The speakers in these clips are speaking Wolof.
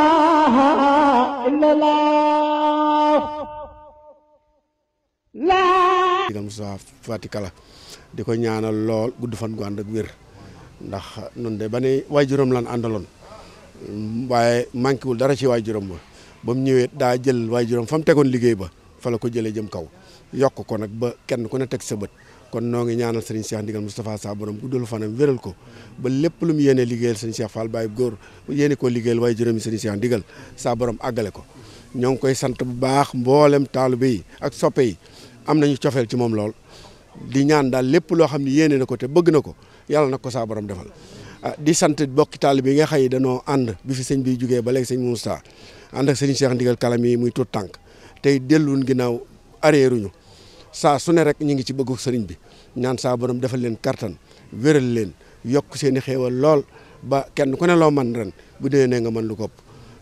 إله إلا الله لا Moussa Fatika la di ko ñaanal lool gudd fan gu ànd ak wér ndax nun de ba ne waajuram lan àndaloon waaye manqué wul dara ci waajuram ba ba mu ñëwee daa jël waajuram fa mu tegoon liggéey ba fa la ko jëlee jëm kaw yokk ko nag ba kenn ku ne teg sa bët kon no ngi ñaanal serigne Cheikh ndigal mustapha Sa borom guddul fanam wëral ko ba lepp lu mu yene liggéeyal serigne Cheikh Fall Baye góor yene ko liggéeyal way juróomi serigne Cheikh ndigal sa borom agalé ko ñong koy sant bu baax mboolem taalibe ak soppé yi am nañu ciofel ci mom lool di ñaan dal lepp lo xamni yene nako té bëgg nako yalla nako sa borom defal ah, di sant bokki taalibe yi nga xëy danoo and bi fi sëñ bi juggé ba lég sëñ Moussa and ak serigne Cheikh ndigal kalam yi muy tank tay tey ginaaw arrière areeruñu saa su ne rek ñu ngi ci bëggu sëriñ bi ñaan saa borom defal leen kattan wéral leen yokk seen i xéewal lool ba kenn ku ne loo man ren bu dee nee nga mën lu kopp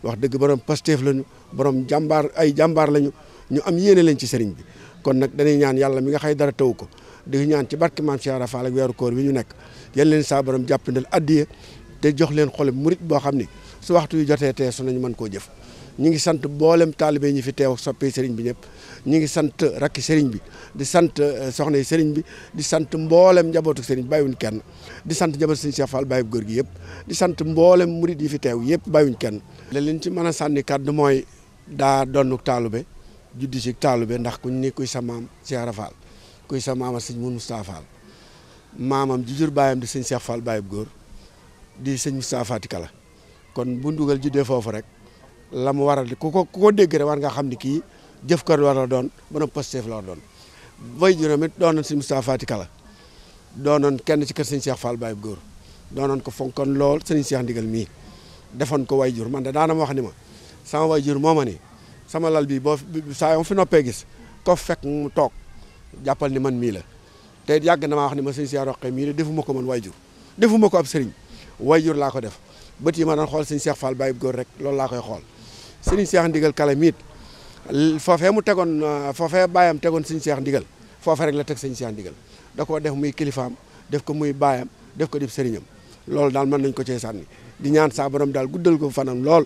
wax dëgg borom Pastef lañu borom jàmbaar ay jàmbaar lañu ñu am yéene lañ ci sëriñ bi kon nag dañuy ñaan yàlla mi nga xay dara taw ko di ñaan ci barke maam Cheikh Rafal ak weeru koor bi ñu nekk yal leen saa borom jàppandal addiye te jox leen xol murit boo xam ni su waxtu yu jotee tee su nañu mën koo jëf ñi ngi sant mboolem taalibe ñi fi teew soppee sëriñ bi ñëpp ñi ngi sant rakki sëriñ bi di sant euh, soxna yi sëriñ bi di sant mboolem njabootu sëriñ bi bàyyiwuñ kenn di sant njabootu sëriñ Cheikh Fall góor gi yëpp di sant mboolem murid yi fi teew yëpp bàyyiwuñ kenn la leen ci mën a sànni kàddu mooy daa donnu taalube juddi si taalube ndax kuñ ni kuy sa kuy sa sëñ Mun Moustapha maamam ji jur baayam di sëñ Cheikh Fall bàyyi góor di sëñ Moustapha Fatikala kon bu ndugal juddee foofu rek la mu war a ku ko ku ko dégg rek war nga xam ni kii jëf jëfkat war la doon ba noppi Pastef la war doon. way juróom it doonoon si Moustapha Fatick la doonoon kenn ci kër sëñ Cheikh Fall Baye góor doonoon ko fonkoon lool sëñ Cheikh ndigal mii defoon ko way jur man de daanam wax ni ma sama way jur moo ma ni sama lal bi boo saa yoo fi noppee gis ko fekk mu toog jàppal ni man mii la te yàgg na maa wax ni ma sëñ Cheikh Roqe mii la defuma ko man way jur defuma ko ab sëriñ way jur laa ko def bët yi ma doon xool sëñ Cheikh Fall Baye góor rek loolu laa koy xool sëriñ Seex Ndigal kalam foofee mu tegoon foofe baayam tegoon sëriñ Seex Ndigal foofe rek la teg sëriñ Seex Ndigal da koo def muy kilifaam def ko muy baayam def ko def sëriñam loolu daal mën nañ ko cee sànni di ñaan saa borom daal guddal ko fanam lool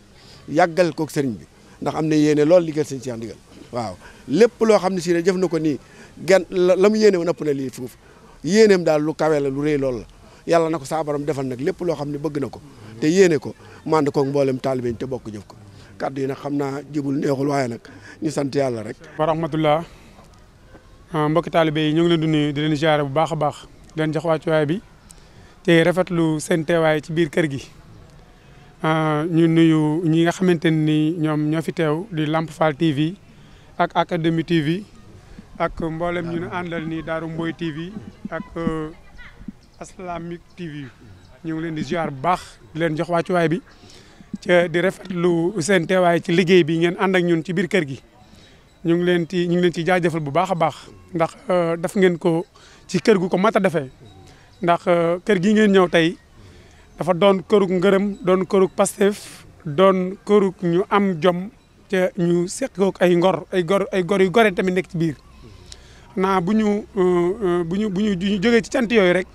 yàggal ko sëriñ bi ndax am na yéene lool liggéey sëriñ Seex Ndigal waaw lépp loo xam ne si ne jëf na ko nii gen la mu yéene woon ëpp na lii foofu yéeneem daal lu kawe la lu rëy lool la yàlla na ko saa borom defal nag lépp loo xam ne bëgg na ko te yéene ko mànd koog mboolem taalibe te bokk jëf ko kaddu yi nak xamna naa neexul waye nak ñu sant yalla rek. wa rahmatullah ah, mbokk talibé yi ñu ngi leen di nuyu di leen ziaré bu baaxa baax di leen jox way bi te rafetlu seen teewaay ci biir kër gi. Ah, ñu nuyu ñi nga xamanteni ni ñoom fi tew di Lamp Fall TV ak academy TV ak mbollem ñu andal ni daru Mboy TV ak euh, islamic TV ñu ngi leen di ziare bu di leen jox way bi ci di rafetlu seen teewaay ci liggéey bi ngeen and ak ñun ci biir kër gi ñu ngi leen ci ñu ngi leen ci jaajeufal bu baaxa baax ndax euh, daf ngeen ko ci kër gu ko mata defé ndax euh, kër gi ngeen ñew tay dafa doon kërug ngërëm doon kërug Pastef doon kërug ñu am jom ci ñu sekk ko ay ngor ay gor ay gor yu goré tamit nek ci biir na buñu euh, buñu buñu joggé ci cant yoy rek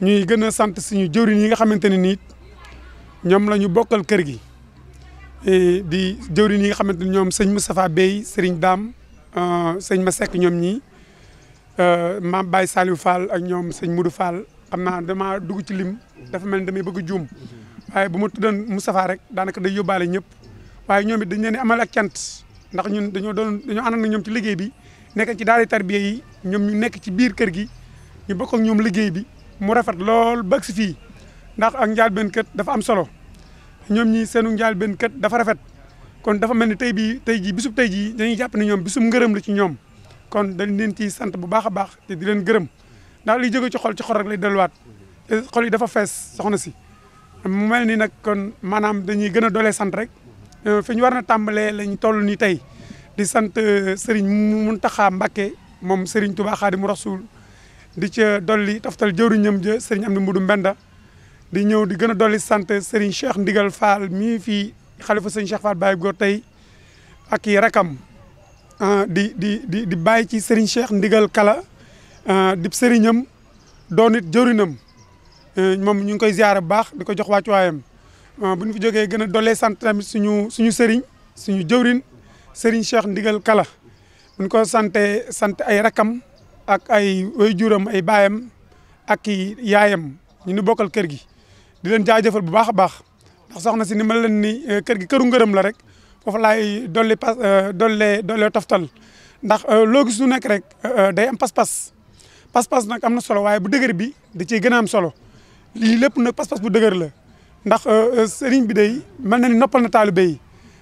ñuy gëna sante suñu jëwriñ yi nga xamanteni nit ñoom la ñu bokkal kër gi e, di jëwriñ yi nga xamante ni ñoom sëñ Moustapha Bey sëriñ Daam euh, sëñ ma sekk ñoom ñii euh, maam Baye Saliou Fall ak ñoom sëñ Modou Fall xam naa damaa dugg ci lim dafa mel ni damay bëgg juum waaye bu ma tuddoon Moustapha rek daanaka day yóbbaale ñëpp waaye ñoom it dañ leen amal ak cant ndax ñu dañoo doon dañoo ñoom ci liggéey bi nekk ci daara tarbiya yi ñoom ñu nekk ci biir kër gi ñu bokk ak ñoom liggéey bi mu rafet lool bëgg si fii ndax ak njaalbeen kët dafa am solo ñoom ñi seenu njaalbeen kët dafa rafet kon dafa mel ni tey bii tey jii bisub tey jii dañuy jàpp ne ñoom bisum ngërëm la ci ñoom kon dañ leen ciy sant bu baax a baax di leen gërëm ndax li jóge ci xol ci xol rek lay delluwaat xol yi dafa fees soxna si mu mel nii nag kon maanaam dañuy gën a doole sant rek euh, fi ñu war na tàmbalee lañ toll nii tey di sant euh, Serigne Mountakha Mbacké moom Serigne Touba Khadimu Rasoul di ca dolli taftal jëwriñam ja Serigne Amdi Mbudu Mbenda di ñew di gëna doli sante Serigne Cheikh Ndigal Fall mi fi khalifa Serigne Cheikh Fall Baye gor tay ak yi rakam ah, di di di di baye ci Serigne Cheikh Ndigal Kala ah, di serignam doon it jëriñam eh, moom ñu ngi koy ziaré bax diko di ko jox wàccuwaayam ah, bu ñu fi joggé gëna dolé sante tamit suñu suñu sëriñ suñu jëwrin Serigne Cheikh Ndigal Kala bu ñu ko sante sante ay rakam ak ay waajuram ay bayam ak i yaayam ñu ni kër gi di leen jaajëfal bu baax a baax ndax soxna si ni ma leen ni euh, kër gi këru ngërëm la rek foofu laay dolle pas dollee euh, dollee toftal ndax euh, loo gis lu nekk rek day am pas-pas pas-pas nag am na solo waaye bu dëgër bi da ciy gën a am solo lii lépp nag pas-pas bu dëgër la ndax sëriñ bi day mel na ni noppal na taalibe yi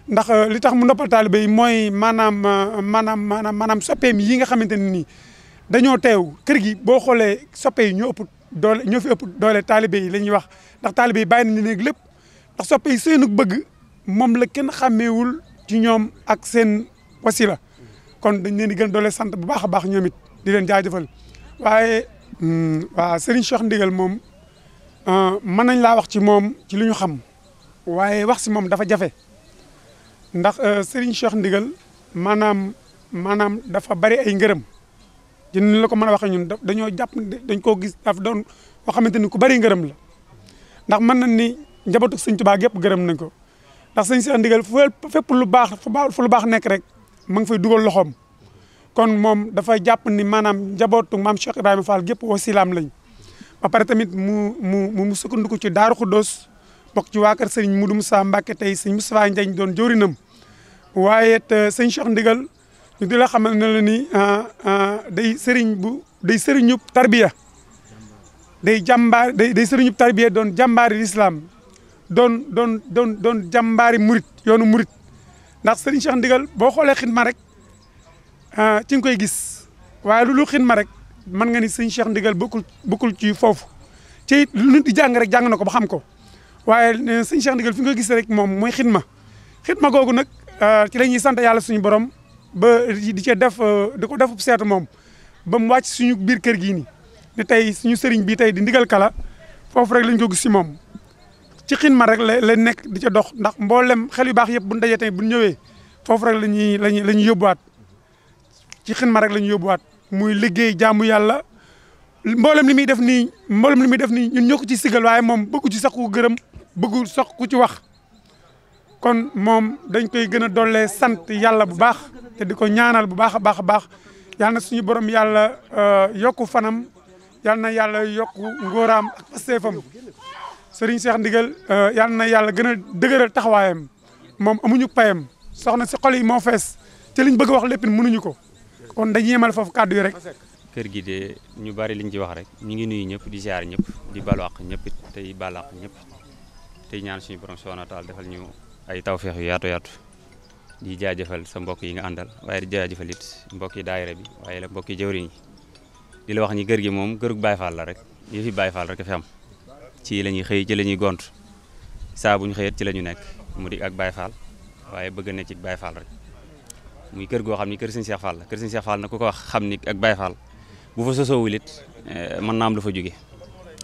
ndax li tax mu noppal taalibe yi mooy maanaam maanaam maanaam maanaam soppeem yi nga xamante ne nii dañoo teew kër gi boo xoolee soppe yi ñoo ëpp doole ñoo fi ëpp doole taalibe yi la wax ndax taalibe yi bàyyi nañu léegi lépp ndax soppe seenu bëgg moom la kenn xàmmeewul ci ñoom ak seen wasila kon dañ leen di gën doole sant bu baax a baax ñoomit di leen jaajëfal waaye hmm, waa Serigne moom euh, mën nañ laa wax ci moom ci li ñu xam waaye wax si moom dafa jafe ndax euh, Serigne Cheikh Ndigal maanaam maanaam dafa bari ay ngërëm ci ni la ko mën a ñun dañoo japp dañ ko gis daf doon wax xamanteni ku bari ngeerem la ndax man nañ ni njabatu seigne touba gep gërëm nañ ko ndax seigne cheikh Ndigal fepp lu baax fu lu baax nek rek ma ngi fay duggal loxom kon da fay japp ni manam njabatu mam Cheikh ibrahim Fall gépp wasilaam lañ ba pare tamit mu mu mu sukkandiku ci daru khodos bok ci waakar seigne mudum sa Musaa tay seigne sëñ Mustafaa doon jorinam waye te seigne Cheikh Ndigal ñu di la xamal ne la ni ah, ah, day sëriñ bu day sëriñub tarbiya day jàmbaar day day sëriñub tarbiya doon jàmbaari don doon doon doon doon jàmbaari murit yoonu murit ndax sëriñ Cheikh Ndigal bo xoolee xidma rek ah, ci nga koy gis waaye lu lu xidma rek man nga ni sëriñ Cheikh Ndigal bokkul bokkul ci foofu ci lu di jang rek jang nako ko ba xam ko waaye eh, sëriñ Cheikh Ndigal fi nga gis rek moom mooy xidma xidma googu nag ci la ñuy sant suñu borom ba di ci def euh, diko def set mom bam wacc suñu biir kër gi ni ni tay suñu sëriñ bi tay di ndigal kala fofu rek lañ ko gis ci mom ci xinma rek la nek di ci dox ndax mbollem xel yu bax yëpp bu ndaje tay bu ñëwé fofu rek lañ lañ lañ yobuat ci xinma rek lañ yobuat muy liggéey jaamu yalla mbollem limi def ni mbollem limi def ni ñun ñoko ci sigal waye mom bëggu ci saxu gëreem bëggu sax ku ci wax kon mom dañ koy gëna dolé sante yalla bu baax té diko ñaanal bu baax baax baax suñu borom euh yokku fanam yàlla na yàlla yokku ngoram ak sefam serigne Cheikh Ndigal euh, yàlla na yalla gëna dëgeural dëgëral mom amuñu payam soxna ci xol yi mo fess té liñ bëgg wax mënuñu ko kon dañ yémal fofu kaddu yi rek. kër gi de ñu bari liñ ci wax rek ñi ngi nuyu ñëpp di ziar ñëpp di balax ñëpp tey balax ñëpp tey ñaan suñu borom subhanahu defal ñu. ay taw feex yu yaato yaatu di jaajëfal sa mbokk yi nga àndal waaye di jaajëfal it mbokk yi daayira bi waaye la mbokk yi jëwriñ yi di la wax ñi kër gi moom kërug Baay Faal la rek yi fi Baay Faal rek a am ci la ñuy xëy ci ñuy gont saa bu ñu ci la ñu nekk mu di ak Baay waaye bëgg na ci Baay Faal muy kër goo xam ni kër Sëñ Cheikh Fall la kër Sëñ Cheikh Fall na ku ko wax xam ni ak Baay Faal bu fa sosoowul eh, man naam naa lu fa jóge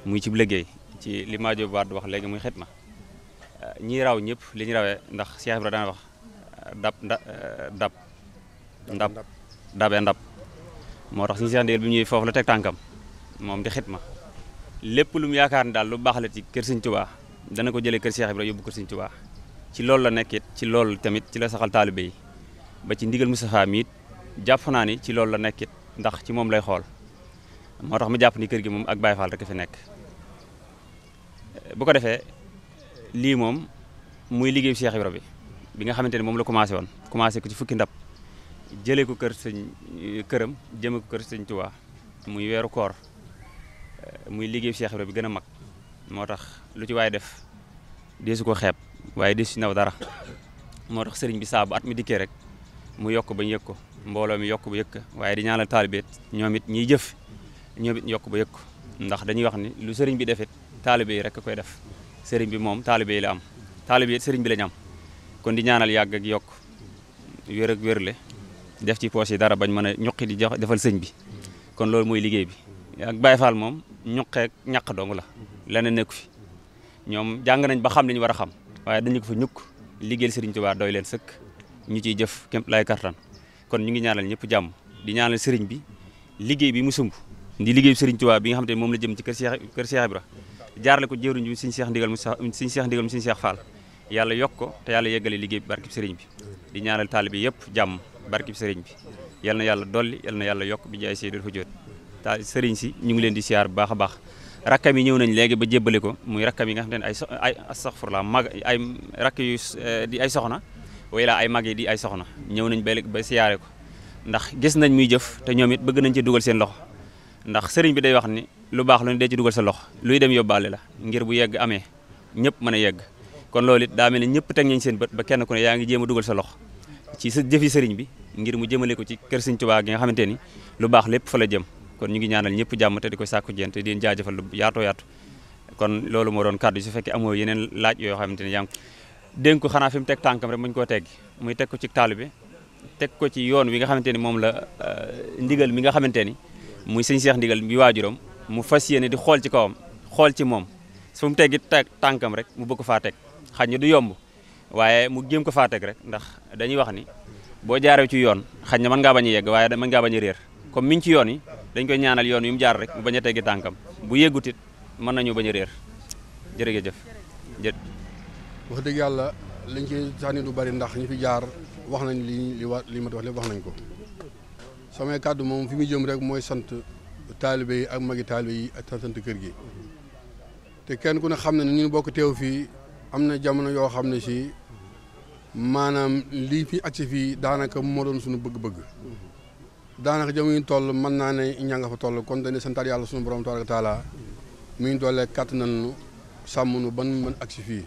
muy ci liggéey ci li Maajo Wade wax léegi muy xet ma ñi raw ñëpp li ñu rawee ndax Cheikh Ibra daan wax euh, dab nda euh, dab ndab dabee ndab moo tax suñu Cheikh Ndéel bi ñuy foofu la teg tànkam moom di ma lépp lum yaakaar ne daal lu baax la ci kër Sëñ Tuubaa dana ko jëlee kër Cheikh Ibra yóbbu kër Sëñ Tuubaa ci loolu la nekkit ci loolu tamit ci la saxal taalibe yi ba ci ndigal Moustapha mi it jàpp naa ni ci loolu la nekkit ndax ci moom lay xool moo tax mu jàpp ni kër gi moom ak Baye Fall rek fi nekk bu ko defee lii moom muy liggéey Cheikh Ibra bi bi nga xamante ne moom la commencé woon commencé ko ci fukki ndab jëlee ko kër sëñ këram jëme ko kër sëñ Tuubaa muy weeru koor eh, muy liggéey Cheikh Ibra bi gën a mag moo tax lu ci waaye def deesu ko xeeb waaye deesu ci naw dara moo tax sëriñ bi saabu at mi dikkee rek mu yokk ba ñu yëg ko mbooloo mi yokk ba yëg ko waaye di ñaanal taalibeet ñoom it ñiy jëf ñoom it ñu yokk ba yëg ko ndax dañuy wax ni lu sëriñ bi defit taalibe yi rek koy def sëriñ bi moom taalibe yi la am taalibe sëriñ bi la ñu kon di ñaanal yàgg ak yokk wér ak wérle def ci poche yi dara bañ mën a ñuqi di jox defal sëñ bi kon loolu mooy liggéey bi ak Baye Fall moom ñuqeek ñàq dong la leneen nekku fi ñoom jàng nañ ba xam li war a xam waaye dañu ko fa ñukk liggéeyal sëriñ Tuubaa doy leen sëkk ñu ciy jëf képp lay kartan kon ñu ngi ñaanal ñëpp jàmm di ñaanal sëriñ bi liggéey bi mu sumb di liggéey sëriñ Tuubaa bi nga xam te moom la jëm ci kër Cheikh kër Cheikh jaarale ko jëwriñ bi suñu seex ndigal mu suñu seex ndigal mu suñu seex Fall yàlla yokk ko te yàlla yeggale liggéey bi barkib sëriñ bi di ñaanal taalibe yëpp jàmm barkib sëriñ bi yal na yàlla dolli yal na yàlla yokk bi jaay see dafa jóot ta sëriñ si ñu ngi leen di siyaar bu baax a baax rakkam yi ñëw nañ léegi ba jébbale ko muy rakkam yi nga xam te ne ay ay astaghfirullah mag ay rakk yu eh, di ay soxna wala ay mag yi di ay soxna ñëw nañ ba ba siyaare ko ndax gis nañ muy jëf te ñoom it bëgg nañ ci dugal seen loxo ndax sëriñ bi day wax ni lu baax lu ne dee ci dugal sa loxo luy dem yóbbaale la ngir bu yegg amee ñëpp mën a yegg kon loolu it daa mel ne ñëpp teg nañ seen bët ba kenn ku ne yaa ngi jéem a dugal sa lox ci sa jëfi sëriñ bi ngir mu jëmale ko ci kër sëriñ Tuubaa gi nga xamante ni lu baax lépp fa la jëm kon ñu ngi ñaanal ñëpp jàmm ko sàkku jeen te di leen jaajëfal lu yaatoo yaatu kon loolu moo doon kàddu su fekkee amoo yeneen laaj yoo xamante ne yaa ngi dénk xanaa fi mu teg tànkam rek ñu koo teggi muy teg ko ci taalibe teg ko ci yoon wi nga xamante ni moom la euh, ndigal mi nga xamante ni muy seigne Cheikh Ndigal bi wajuram mu fasiyene di xol ci kawam xol ci mom su mu teggi tankam rek mu bëgg fa tek xagnu du yomb waaye mu gem ko fa tek rek ndax dañuy wax ni bo jaaré ci yoon xagnu man nga ngaa bañ yegg waye man nga bañ a comme min ci yoon yi dañ koy ñaanal yoon yu mu jaar rek mu baña teggi tankam bu yeggutit man nañu bañ a jërëgë jëf jë wax deug yalla liñ ci sànni du bari ndax ñi fi jaar wax nañ li li ma wax li wax nañ ko samay kàddu moom fi muy jëm rek mooy sant taalibe yi ak magi taalibe yi ak sant kër gi te kenn ku ne xam ne ñu bokk teew fii am na jamono yoo xam ne si maanaam lii fi agsi fii daanaka moo doon suñu bëgg-bëgg daanaka jamono ñu toll mën naa ne ña nga fa toll kon dañuy santaat yàlla suñu borom tabaraka taala mi ngi doolee kàtt nañu sàmm nu ban mën agsi fii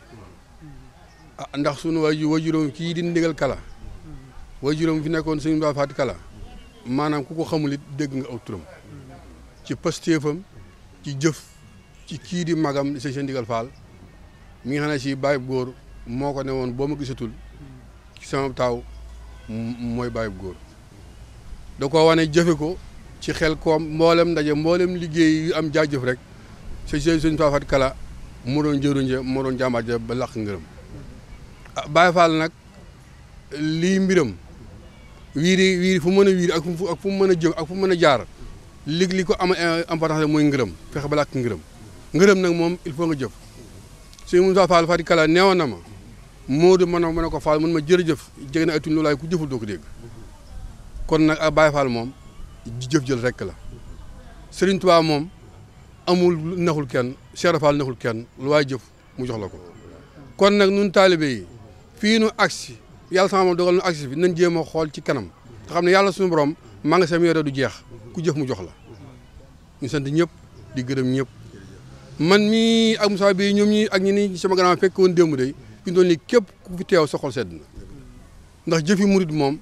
ah ndax sunu waaju waajuróom kii di ndigal kala waajuróom fi nekkoon suñu baa faati kala maanaam ku ko xamul it dégg nga aw turam ci pastéefam ci jëf ci kii di magam sëñ Ndigal Fall mi nga xam ne si bàyyi góor moo ko ne woon boo ma gisatul ci bu taaw mooy bàyyi góor da koo wane jëfe ko ci xel koom mboolem ndaje mboolem liggéey yu am jaajëf rek sëñ sëñ Faafat Kala mu doon jëruñje moo doon jàmbaar ba làq ngërëm ah, Baye Fall nag lii mbiram wiiri wiiri fu mën a wiiri ak fu ak fu mën a jóg ak fu mën a jaar li li ko am eh, importance mooy ngërëm fexe ba làkk ngërëm ngërëm nag moom il faut nga jëf suñu Moussa Fall Fatick Kala neewoon na ma Moodu mën a mën a ko Fall mën ma jërëjëf jege na ay tuñ loolaay ku jëful ko dégg kon nag a Baye moom jëf jël rek la Serigne Touba moom amul naxul kenn Cheikh Fall naxul kenn lu waay jëf mu jox la ko kon nag nun taalibe fii nu agsi yàlla sama moom dogal na agsi bi nañ jéem a xool ci kanam te xam ne yàlla suñu borom maa nga sam yore du jeex ku jëf mu jox la ñu sant ñëpp di gërëm ñëpp man mi ak Moussa bi ñoom ñi ak ñi ni sama gannaaw fekk woon démb day fi doon ni képp ku fi teew sa xol sedd na ndax moom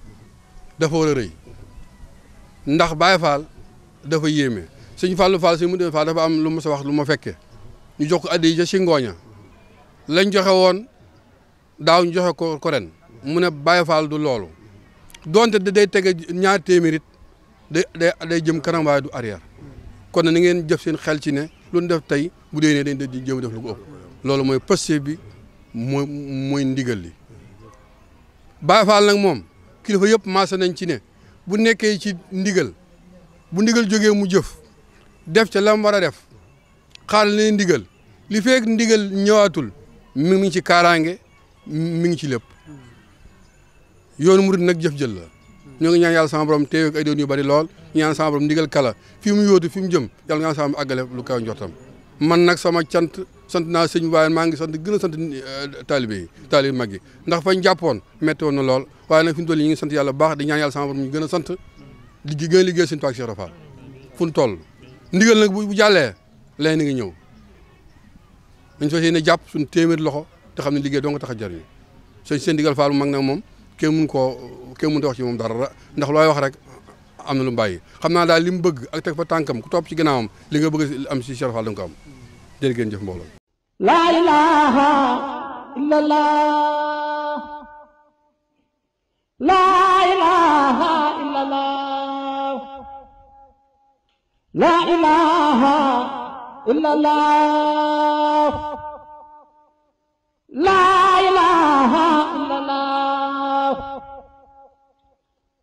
dafa war a rëy ndax Baye Fall dafa yéeme sëñ Fallou Fall sëñ Moudou Fall dafa am lu ma sa wax lu ma fekkee ñu jox ko addi ja si ngooña lañ joxe woon daaw ñu joxe ko ko ren mu ne Baye Fall du loolu donte day tege ñaar téeméer it day day jëm kanam waaye du arrière kon na ngeen jëf seen xel ci ne lu ñu def tey bu dee ne dañ da jëm def lu loolu mooy posté bi mooy ndigal li Baye Fall nag moom kilifa yëpp maasa nañ ci ne bu nekkee ci ndigal bu ndigal jógee mu jëf def ca lam war a def xaar ne ndigal li feek ndigal ñëwaatul mi ngi ci kaaraange mi ngi ci lépp yon murid nak jëf jël la ñoo ngi ñaan yalla sama borom téw ak ay doon yu bari lool ñaan sama borom digël kala fi mu yóotu fi mu jëm yalla nga sama agalé lu kaw njortam man nak sama cant sant na sëñ waaye ma ngi sant gëna sant eh, talibé talib magi ndax fañ jàppoon metti woon na lool waye nak fi mu ñi ngi sant yalla baax di ñaan yalla sama borom ñu gëna sant di gën a liggéey tok Cheikh Rafal fu ñu toll ndigal nak bu jàllee lén nga ñëw ñu fa seen japp suñu témir loxo té xamni ne do nga tax a jariñu sëñ faalu mag nak mom kenn mun koo kenn mun moom dara ndax looy wax rek am na lu mu bàyyi xam naa daal li bëgg ak teg fa tànkam ku topp ci ginnaawam li nga bëgg am si Cheikh Fall da nga ko am ilaaha illallah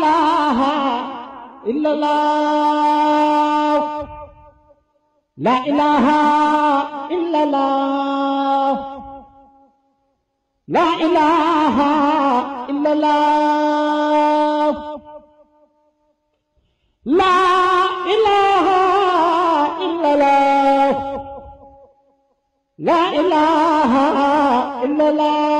الله إلا الله لا إله إلا الله لا إله إلا الله لا إله إلا الله لا إله إلا الله